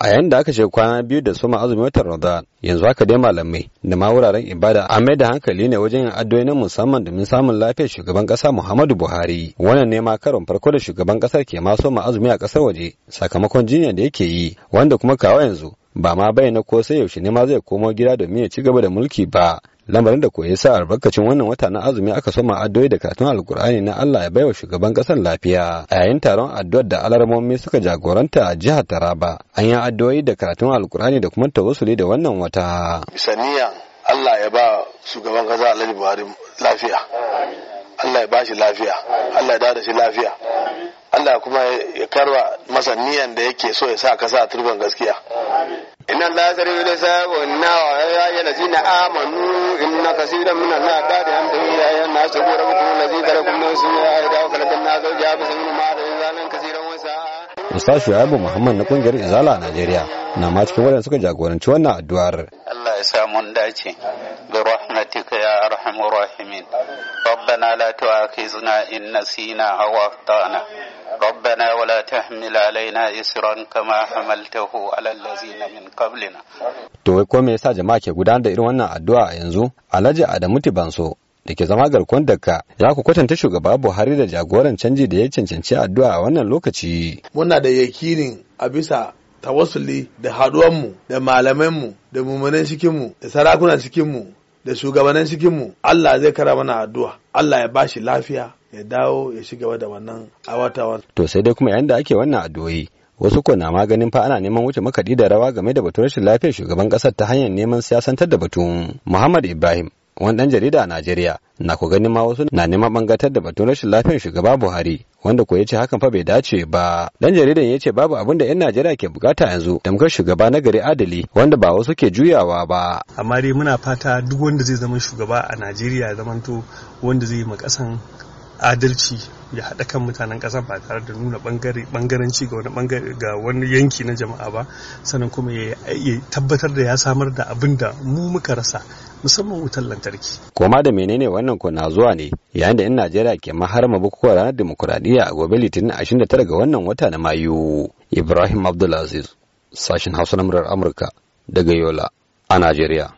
a yayin da aka shiga kwana biyu da suma azumin watan ramadan yanzu haka dai malamai da ma wuraren ibada an mai da hankali ne wajen yin addu'o'i na musamman domin samun lafiyar shugaban kasa muhammadu buhari wannan ne ma karon farko da shugaban kasar ke ma soma azumi a kasar waje sakamakon jinya da yake yi wanda kuma kawo yanzu ba ma bayyana ko sai yaushe ne ma zai komo gida domin ya ci gaba da mulki ba lamarin da koyi sa albarkacin wannan wata na azumi aka soma addu'o'i da karatun alkur'ani na Allah ya baiwa shugaban kasar lafiya a yayin taron addu'ar da alarmomi suka jagoranta a jihar Taraba an yi addu'o'i da karatun alkur'ani da kuma tawassuli da wannan wata saniya Allah ya ba shugaban kasa Alhaji Buhari lafiya Allah ya ba shi lafiya Allah ya dada lafiya Allah kuma ya karwa masa niyan da yake so ya sa kasa turban gaskiya إن الله sari'ul hisab وإن inna الذين amanu إن كثيرا من an-nasi yamduna ya ayyuhan-nasu rabbukum allazi khalaqakum min nafsin wahida wa khalaqna zawjaha fa minhum ma'adalan kaseeran wa Musa Shu'aibu Muhammad na kungiyar Izala a Najeriya na ma cikin wadanda suka jagoranci wannan addu'ar. Allah ya sa mun dace bi rahmatika ya arhamur rahimin. Rabbana la tu'akhizna in nasina aw akhtana. ربنا ولا تحمل علينا إسرا كما حملته على الذين من قبلنا to wai ko me yasa jama'a ke gudanar da irin wannan addu'a a yanzu Alhaji Adamu Tibanso da ke zama garkon dakka ya ku kwatanta shugaba Buhari da jagoran canji da ya cancanci addu'a a wannan lokaci muna da yakinin a bisa tawassuli da haduwanmu da malamanmu da mummunan cikinmu da sarakunan cikinmu da shugabannin cikinmu Allah zai kara mana addu'a Allah ya bashi lafiya ya dawo ya shiga da wannan awatawan. To sai dai kuma yayin da ake wannan addu'o'i wasu ko na maganin fa ana neman wuce makaɗi da rawa game da batun rashin lafiyar shugaban ƙasar ta hanyar neman siyasantar da batun Muhammad Ibrahim wani ɗan jarida a Najeriya na ku ganin ma wasu na neman bangatar da batun rashin lafiyar shugaba Buhari wanda ko ce hakan fa bai dace ba dan jaridan ya ce babu abin da yan Najeriya ke bukata yanzu tamkar shugaba na gari adali wanda ba wasu ke juyawa ba amma dai muna fata duk wanda zai zama shugaba a Najeriya zamanto wanda zai yi ma adalci ya haɗa kan mutanen kasa ba tare da nuna ɓangaranci ga wani yanki na jama'a ba sannan kuma ya tabbatar da ya samar da abin da mu muka rasa musamman wutar lantarki. Koma da menene wannan ko na zuwa ne yayin da 'yan Najeriya ke maharma bukukuwar ranar demokuraɗiyya a gobe Litinin 29 ga wannan wata na Mayu. Ibrahim Abdulaziz, sashen Hausa na Amurka daga Yola a Najeriya.